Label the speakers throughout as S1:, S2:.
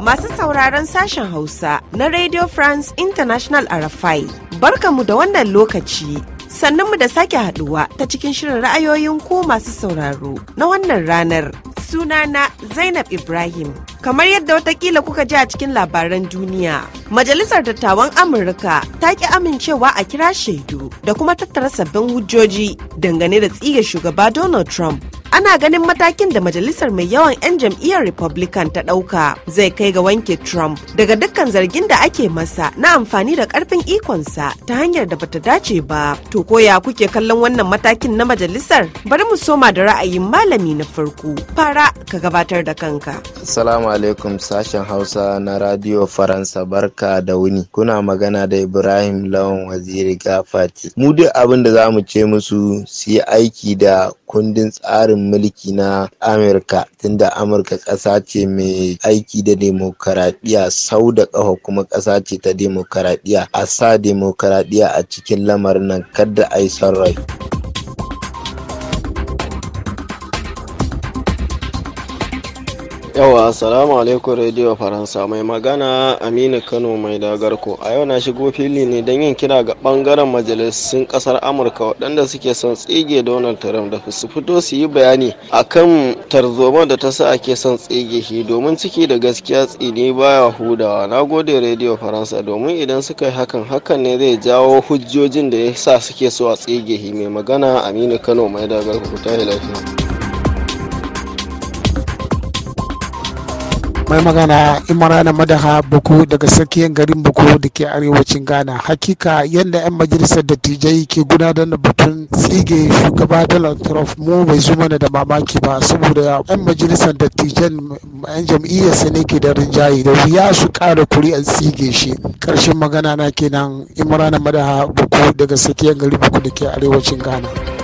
S1: Masu sauraron sashen Hausa na Radio France International "Barka mu da wannan lokaci. Sannunmu da sake haduwa ta cikin shirin ra'ayoyin ko masu sauraro na wannan ranar. Suna na Zainab Ibrahim. Kamar yadda watakila kuka ji a cikin labaran duniya, Majalisar Dattawan Amurka ta ƙi amincewa a kira shaidu da kuma tattara sabbin hujjoji dangane da tsige shugaba Donald Trump ana ganin matakin da majalisar mai yawan 'yan jam'iyyar republican ta ɗauka zai kai ga wanke trump daga dukkan zargin da ake masa na amfani da ƙarfin ikonsa ta hanyar da bata dace ba to koya kuke kallon wannan matakin na majalisar bari mu soma da ra'ayin malami na farko fara ka gabatar da kanka
S2: assalamu alaikum sashen hausa na radio faransa barka da wuni kuna magana da ibrahim lawan
S3: waziri gafati
S2: mu duk abin da za ce musu su yi aiki da kundin tsarin tsarin mulki na amurka tunda amurka ƙasa ce mai aiki da demokaradiyya sau da ƙafa kuma ƙasa ce ta demokaradiyya a sa demokaradiyya a cikin lamarin nan kada a yi son rai. yawa assalamu alaikum radio faransa mai magana aminu kano mai dagarko a yau na shigo fili ne don yin kira ga bangaren majalisun kasar amurka waɗanda suke son tsige donald trump da su fito su yi bayani kan tarzoma da ta sa ake son tsige shi domin ciki da gaskiya tsini baya hudawa na gode radio faransa domin idan suka yi hakan hakan ne zai jawo hujjojin da ya sa suke so a tsige shi mai magana aminu kano mai dagarko ta lafiya
S4: mai magana imrana madaha buku daga tsakiyar garin buku da ke arewacin ghana hakika yadda 'yan majalisar dattijai ke gudanar da batun tsige shugaba donald trump mu bai zuma mana da mamaki ba saboda 'yan majalisar dattijan 'yan jam'iyyar ne ke da rinjaye da wuya su kara kuri'ar tsige shi karshen magana na kenan imrana madaha buku daga tsakiyar garin buku da ke arewacin ghana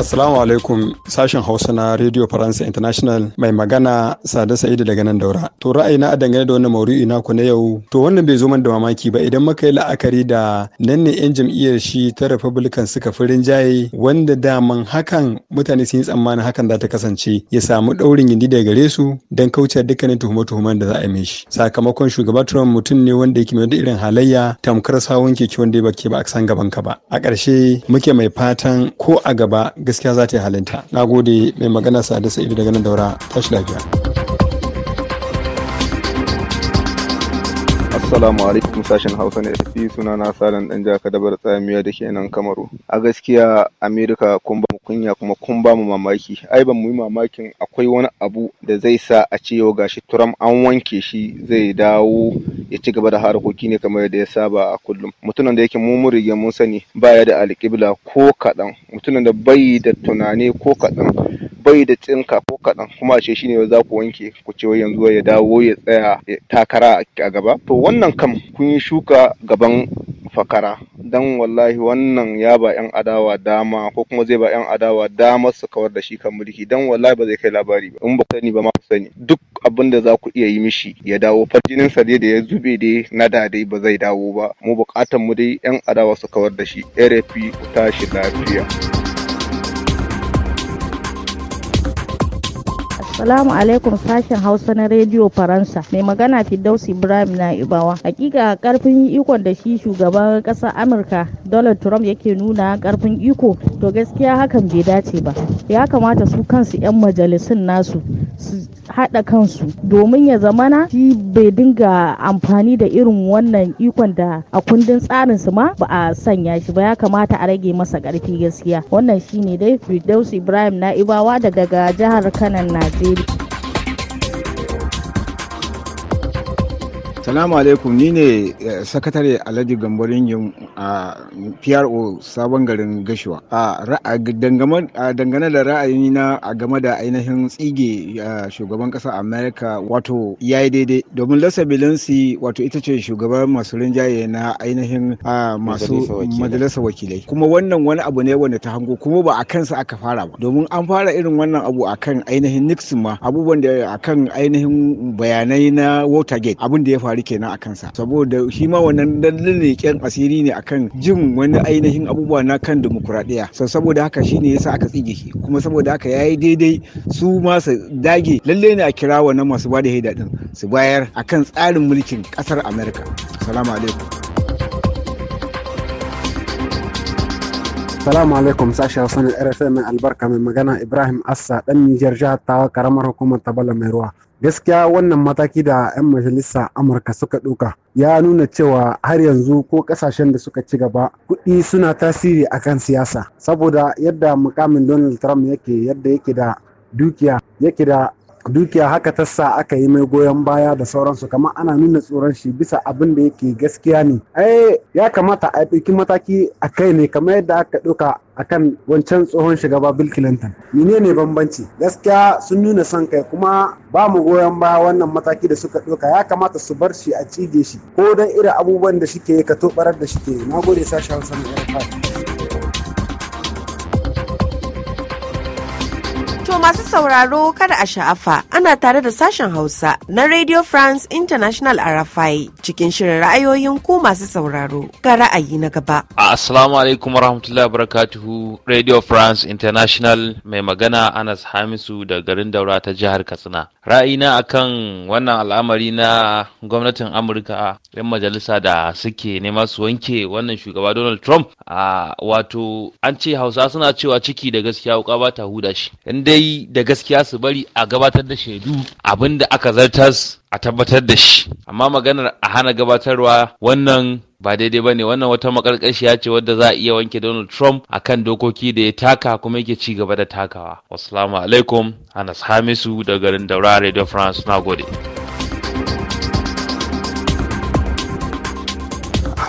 S4: Assalamu alaikum sashen Hausa na Radio France International mai magana Sada Sa'idu daga nan daura. To ra'ayina a dangane da wannan ina ku na yau. To wannan bai zo man da mamaki ba idan muka yi la'akari da nan ne 'yan jam'iyyar shi ta Republican suka fi rinjaye wanda daman hakan mutane sun yi tsammanin hakan za ta kasance ya samu daurin gindi daga gare su don kauce dukkanin tuhume-tuhumen da za a yi mishi. Sakamakon shugaba Trump mutum ne wanda yake mai da irin halayya tamkar sawun keke wanda ya ke ba a san gaban ka ba. A ƙarshe muke mai fatan ko a gaba gaskiya za ta yi halinta na gode mai magana sa da sa'idu daga nan daura tashi lafiya
S2: Assalamu alaikum sashen Hausa na SC suna na Salan dan jaka da tsamiya da ke nan Kamaru. A gaskiya Amerika kun kunya kuma kun ba mu mamaki ai ban mu yi mamakin akwai wani abu da zai sa a ce yau gashi turam an wanke shi zai dawo ya ci gaba da harkoki ne kamar yadda ya saba a kullum mutumin da yake mu mun rige mun sani baya da alƙibla ko kaɗan mutumin da bai da tunani ko kaɗan bai da tsinka ko kaɗan kuma a ce shine za ku wanke ku ce yanzu ya dawo ya tsaya takara a gaba to wannan kam kun yi shuka gaban fakara dan wallahi wannan ya ba yan adawa dama ko kuma zai ba yan adawa dama su kawar da shi kan mulki dan wallahi ba zai kai labari ba in ba ku sani ba ma ku sani duk abin da za ku iya yi mishi ya dawo farjinin sa dai da ya zube dai na da dai ba zai dawo ba mu bukatan mu dai yan adawa su kawar da shi rfp ku tashi lafiya
S1: Assalamu alaikum sashen Hausa na Radio Faransa. Mai magana Fidaus Ibrahim na Ibawa. Hakika karfin ikon da shi shugaban ƙasar Amurka Donald Trump yake nuna karfin iko to gaskiya hakan bai dace ba. Ya kamata su kansu 'yan majalisun nasu su haɗa kansu domin ya zamana shi bai dinga amfani da irin wannan ikon da a kundin tsarin su ma ba a sanya shi ba ya kamata a rage masa ƙarfi gaskiya. Wannan shine dai Fidaus Ibrahim na Ibawa daga jihar Kanan Najeriya. food
S2: Salamu alaikum ni ne eh, sakatare Alhaji Gambarin yin a PRO sabon garin gashiwa A dangane da ra'ayi na a game da ainihin tsige shugaban kasa Amerika wato ya yi daidai domin Lasa Bilansi wato ita ce shugaban masu rinjaye na ainihin masu majalisa wakilai. Kuma wannan wani abu ne wanda ta hango kuma ba a kansa aka fara ba. Domin an fara irin wannan abu akan ainihin Nixon ma abubuwan da akan ainihin bayanai na Watergate abin da ya faru faru kenan a kansa saboda shi ma wannan dalilin asiri ne akan jin wani ainihin abubuwa na kan dimokuraɗiyya so saboda haka shi ne yasa aka tsige shi kuma saboda haka yayi daidai su ma su dage lalle ne a kira wannan masu bada haida din su bayar akan tsarin mulkin ƙasar america. Assalamu alaikum.
S4: Assalamu alaikum sashen Hausa na mai albarka mai magana Ibrahim Assa dan Nijar jihar Tawa karamar hukumar Tabala mai ruwa. Gaskiya wannan mataki da 'yan majalisa Amurka suka ɗauka ya nuna cewa har yanzu ko ƙasashen da suka ci gaba kuɗi suna tasiri akan siyasa saboda yadda mukamin Donald Trump yake yadda yake da dukiya yake da dukiya haka ta sa aka yi mai goyon baya da sauransu kamar ana nuna tsoron shi bisa abin da yake gaskiya ne ai ya kamata a ɗauki mataki a kai ne kamar yadda aka ɗauka akan wancan tsohon shugaba Bill Clinton. Menene bambanci? Gaskiya sun nuna son kai kuma ba mu goyon baya wannan mataki da suka ɗauka ya kamata su bar shi a cige shi ko don irin abubuwan da shike ka tobarar da shike. Na gode sashen Hausa na
S1: To masu sauraro kada a sha'afa ana tare da sashen Hausa na Radio France International Arafai cikin shirin ra'ayoyin ku masu sauraro ga ra'ayi na gaba.
S3: Asalamu alaikum warahmatullahi wabarakatuhu Radio France International mai magana Anas Hamisu da garin Daura ta jihar Katsina. Ra'ayi Ra'ayina akan wannan al'amari na gwamnatin Amurka 'yan majalisa da suke nema su wanke wannan shugaba Donald Trump a ah, wato an ce Hausa suna cewa ciki da gaskiya wuka ba ta huda shi. In Yi da gaskiya su bari a gabatar da shaidu abin da aka zartas a tabbatar da shi amma maganar a hana gabatarwa wannan ba daidai ba ne wannan wata makarkashiya ce wadda za a iya wanke donald trump a kan dokoki da ya taka kuma yake ci gaba da takawa wasu alaikum anas hamisu da garin daura radio france na gode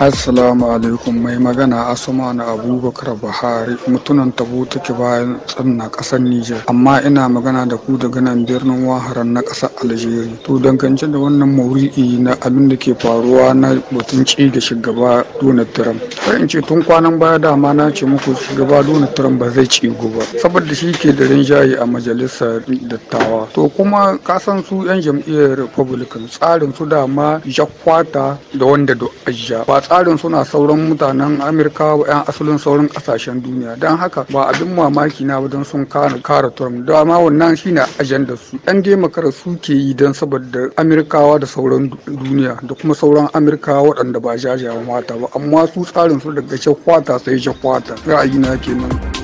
S4: Assalamu alaikum mai magana Asuma na Abubakar Buhari mutunan tabo take bayan tsanna kasar Nijar amma ina magana da ku daga nan birnin Waharan na ƙasar Aljeri. To dangance da wannan maudu'i na abin da ke faruwa na batun ci da shugaba Donald Trump. Sai ce tun kwanan baya dama na ce muku shugaba Donald Trump ba zai ci ba saboda shi ke da rinjaye a majalisar dattawa. To kuma kasan su 'yan jam'iyyar Republican tsarin su dama jakwata da wanda do ba tsarin suna sauran mutanen amurka wa 'yan asalin sauran kasashen duniya don haka ba abin mamaki na wajen sun kara trump dama wannan shine ajandar su 'yan demokara su ke yi don saboda amurkawa da sauran duniya da kuma sauran amurka waɗanda ba jajayen wata ba amma su tsarin su daga shakwata sai jakwata ra'ayi na kenan.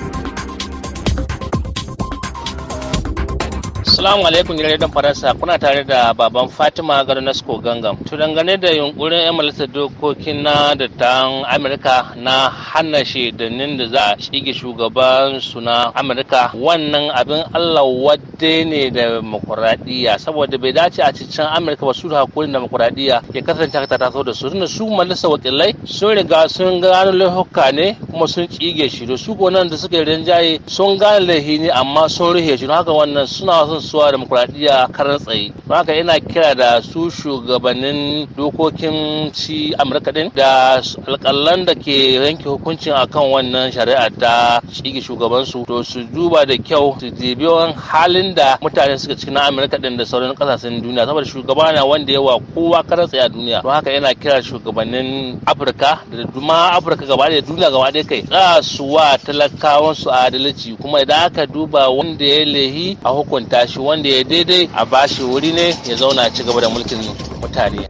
S3: Assalamu alaikum gidan dan Faransa kuna tare da baban Fatima nasko Gangam. To dangane da yunkurin 'yan majalisar dokokin na ta Amurka na hana shaidannin da za a shige shugaban su na Amurka wannan abin Allah wadde ne da makuradiyya saboda bai dace a cikin Amurka ba su da hakurin makuradiyya ya kasance ta taso da su tunda su majalisar wakilai sun riga sun gano laifuka ne kuma sun shige shi da su nan da suka yi rinjaye sun gane laifi ne amma sun rufe shi haka wannan suna son suwa demokuraɗiyya karan tsaye haka yana kira da su shugabannin dokokin ci amurka din da alƙalan da ke yanke hukuncin akan wannan shari'a ta shige shugabansu to su duba da kyau su jibi halin da mutane suka cikin na amurka din da sauran ƙasashen duniya saboda shugaba na wanda yawa kowa karan tsaye a duniya don haka yana kira shugabannin afirka da duma afirka gaba da duniya gaba da kai za su wa talakawansu adalci kuma idan aka duba wanda ya lehi a hukunta shi wanda ya daidai a bashi wuri ne ya zauna ci gaba da mulkin mutane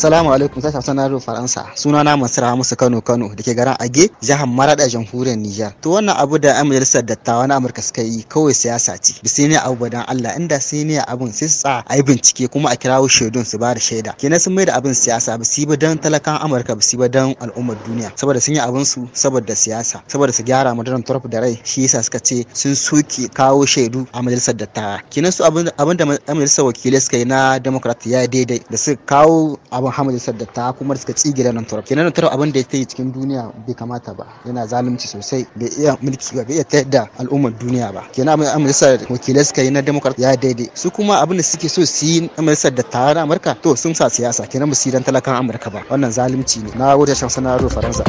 S2: Assalamu alaikum sai na Faransa. Suna na Mansur musu Kano Kano da ke garin Age, jihar Marada, Jamhuriyar Nijar. To wannan abu da 'yan majalisar dattawa na Amurka suka yi kawai siyasa ce. Bisi ne abu dan Allah inda sai ne abun sai a yi bincike kuma a kirawo shaidun su ba da shaida. Kenan sun mai da abin siyasa bisi ba dan talakan Amurka bisi ba dan al'ummar duniya. Saboda sun yi abin su saboda siyasa, saboda su gyara madaran Trump da rai shi yasa suka ce sun soke kawo shaidu a majalisar dattawa. Kenan su abin da majalisar wakilai suka yi na Democrat ya daidai da suka kawo abin Muhammad Sadda ta kuma suka tsigire nan turab kenan turab abin da ya yi cikin duniya bai kamata ba yana zalunci sosai bai iya mulki ba bai iya tayar da al'ummar duniya ba kenan abin da wakilai suka yi na democrat ya daidai su kuma abin da suke so su yi na da tawa na Amurka to sun sa siyasa kenan ba su yi talakan Amurka ba wannan zalunci ne na gode shan sanarwar Faransa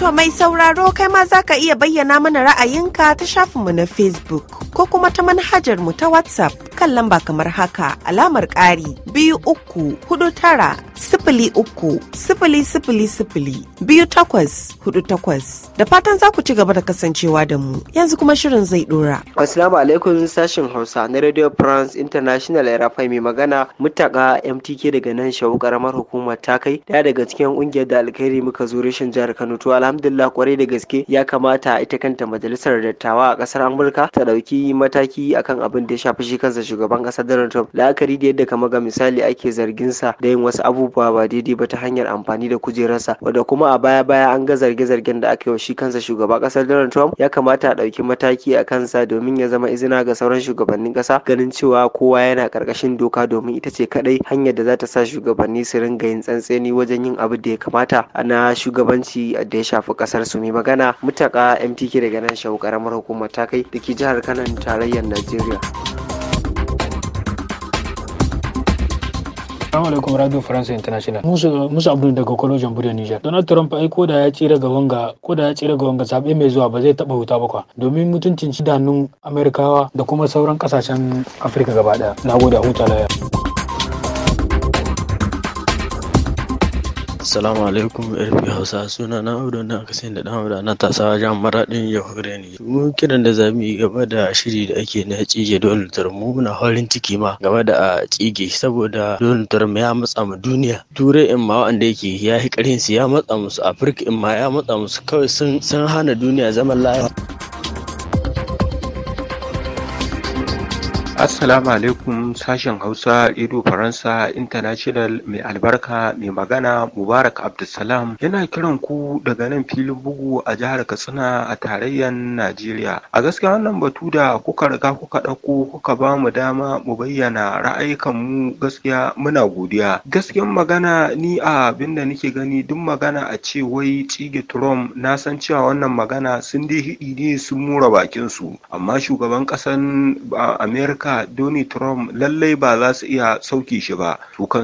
S1: To mai sauraro kai ma za ka iya bayyana mana ra'ayinka ta shafinmu na Facebook ko kuma ta manhajar mu ta WhatsApp kan lamba kamar haka alamar ƙari biyu uku hudu tara sifili uku sifili sifili sifili biyu takwas hudu takwas da fatan za ku ci gaba da kasancewa da mu yanzu kuma shirin zai dora. Asalamu alaikum sashen Hausa na Radio France International ya rafa mai magana mutaka MTK daga nan shawu karamar hukumar ta kai daya daga cikin ƙungiyar da alkhairi muka zo rashin jihar Kano to alhamdulillah kwarai da gaske ya kamata ita kanta majalisar dattawa a kasar Amurka ta ɗauki mataki akan abin da ya shafi shi kansa shugaban kasa Donald Trump la'akari da yadda kama ga misali ake zargin sa da yin wasu abubuwa ba daidai ba ta hanyar amfani da kujerarsa wanda kuma a baya baya an ga zarge-zargen da aka yi wa shi kansa shugaban kasar Donald Trump ya kamata a dauki mataki a kansa domin ya zama izina ga sauran shugabannin kasa ganin cewa kowa yana karkashin doka domin ita ce kadai hanyar da za ta sa shugabanni su ringa yin tsantseni wajen yin abu da ya kamata na shugabanci da ya shafi kasar su mai magana mutaka MTK daga nan shawo karamar hukumar ta kai da ke jihar Kano tarayyar Najeriya.
S4: Assalamu alaikum Radio France International. Musu Musa Abdul daga Kwalojin bourdieu Niger. Donald Trump ai ko da ya tsira ga wanga ko da ya tsira ga wanga zabe mai zuwa ba zai taba huta ba kwa. Domin mutuncin idanun Amerikawa da kuma sauran kasashen Afirka gaba daya. Nagode huta lafiya.
S3: Assalamu alaikum irfi Hausa suna na Audu na aka da dan Audu na tasawa jihar Maradin Yahuda ne. Mu kiran da zamu yi gaba da shiri da ake na tsige Donald Trump mu muna farin ciki ma gaba da a cige saboda Donald Trump ya matsa mu duniya. Turai in ma wanda yake ya yi karin su ya matsa musu Afirka in ma ya matsa musu kawai sun hana duniya zaman lafiya.
S2: Assalamu alaikum sashen Hausa ido Faransa International mai albarka mai magana Mubarak Abdulsalam yana kiran ku daga nan filin bugu a jihar Katsina a tarayyar Najeriya. A gaskiya wannan batu da kuka riga kuka ɗauko kuka ba mu dama mu bayyana ra'ayikan mu gaskiya muna godiya. Gaskiyan magana ni a abin da nake gani duk magana a ce wai tsige Trump na san cewa wannan magana sun dai hidi ne sun mura bakin su amma shugaban ƙasan Amerika haka Donald Trump lallai ba za su iya sauki shi ba.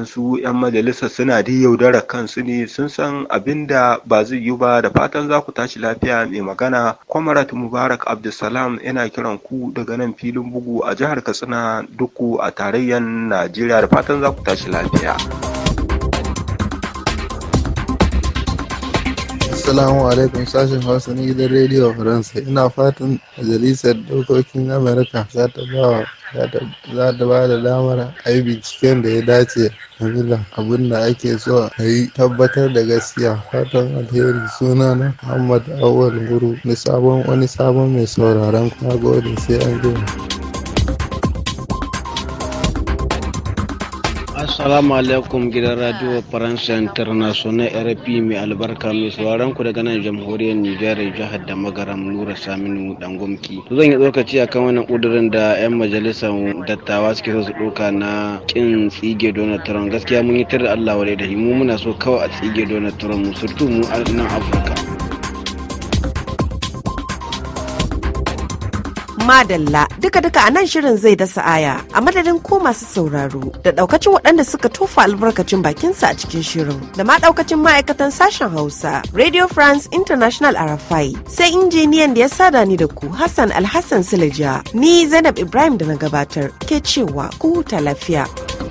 S2: Su 'yan majalisa suna da yaudara kansu ne sun san abin da ba zai yi ba da fatan za ku tashi lafiya mai magana. Kwamarat Mubarak Abdulsalam yana kiran ku daga nan filin bugu a jihar Katsina duku a tarayyar Najeriya da fatan za ku tashi lafiya. Assalamu alaikum sashen Hausa na gidan Radio faransa Ina fatan majalisar dokokin Amurka za ta ba za ta ba da damar a yi binciken da ya dace a abin da ake so a yi tabbatar da gaskiya fatan alheri suna na Muhammad Awal Guru ni sabon wani sabon mai sauraron kuma gode sai an gina. Assalamu alaikum gidan radio Faransa International RP mai albarka mai sauraron ku daga nan jamhuriyar Nijar jihar da magaram Lura Saminu Dangomki. Zan yi tsokaci akan wannan kudurin da 'yan majalisar dattawa suke so su ɗauka na kin tsige Donald Trump. Gaskiya mun yi tare da Allah wale da mu muna so kawai a tsige Donald Trump mu surtu mu nan Afirka.
S1: Madalla duka-duka a nan shirin zai dasa aya a madadin ko masu sauraro da daukacin waɗanda suka tofa albarkacin bakinsa a cikin shirin da ma daukacin ma'aikatan sashen Hausa Radio France International Arafai sai injiniyan da ya sada ni da ku Hassan Alhassan Silija ni Zainab Ibrahim da na gabatar ke cewa ku huta lafiya.